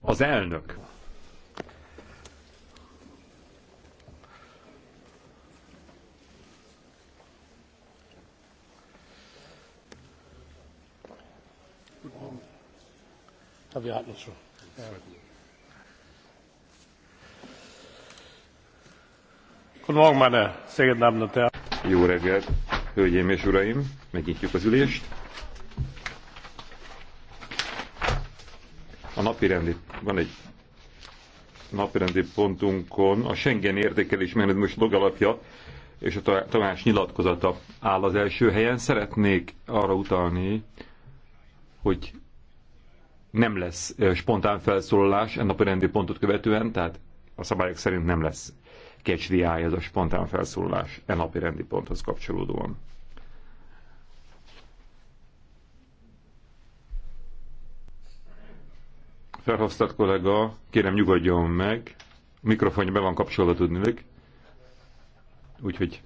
Az elnök. Jó reggelt, hölgyeim és uraim! Megnyitjuk az ülést. A napirendi, van egy napirendi pontunkon a Schengen értékelés mechanizmus logalapja és a Tamás nyilatkozata áll az első helyen. Szeretnék arra utalni, hogy nem lesz spontán felszólalás a e napirendi pontot követően, tehát a szabályok szerint nem lesz catch the eye, ez a spontán felszólalás e napi rendi ponthoz kapcsolódóan. Verhofstadt kollega, kérem nyugodjon meg. A mikrofonja be van kapcsolva tudnilik. Úgyhogy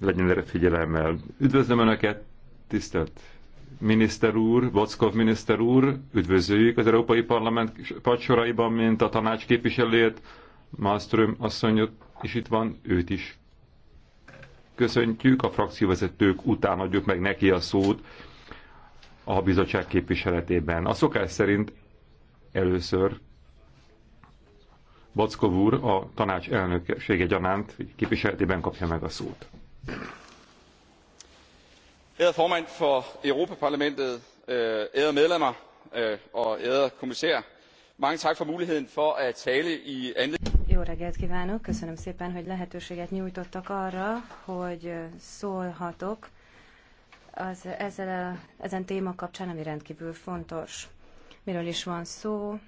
legyen erre figyelemmel. Üdvözlöm Önöket, tisztelt miniszter úr, Bockov miniszter úr, üdvözöljük az Európai Parlament pacsoraiban, mint a tanács képviselőjét, Malmström asszonyot és itt van, őt is köszöntjük, a frakcióvezetők után adjuk meg neki a szót, a bizottság képviseletében. A szokás szerint először Bockov úr a tanács elnöksége gyanánt képviseletében kapja meg a szót. Ærede formand for Europaparlamentet, øh, ærede medlemmer øh, og ærede kommissær. Mange tak for muligheden for at tale i andet. Jó reggelt kívánok, köszönöm szépen, hogy lehetőséget nyújtottak arra, hogy øh, szólhatok az, ezzel a, ezen téma kapcsán, ami rendkívül fontos. Miről is van szó?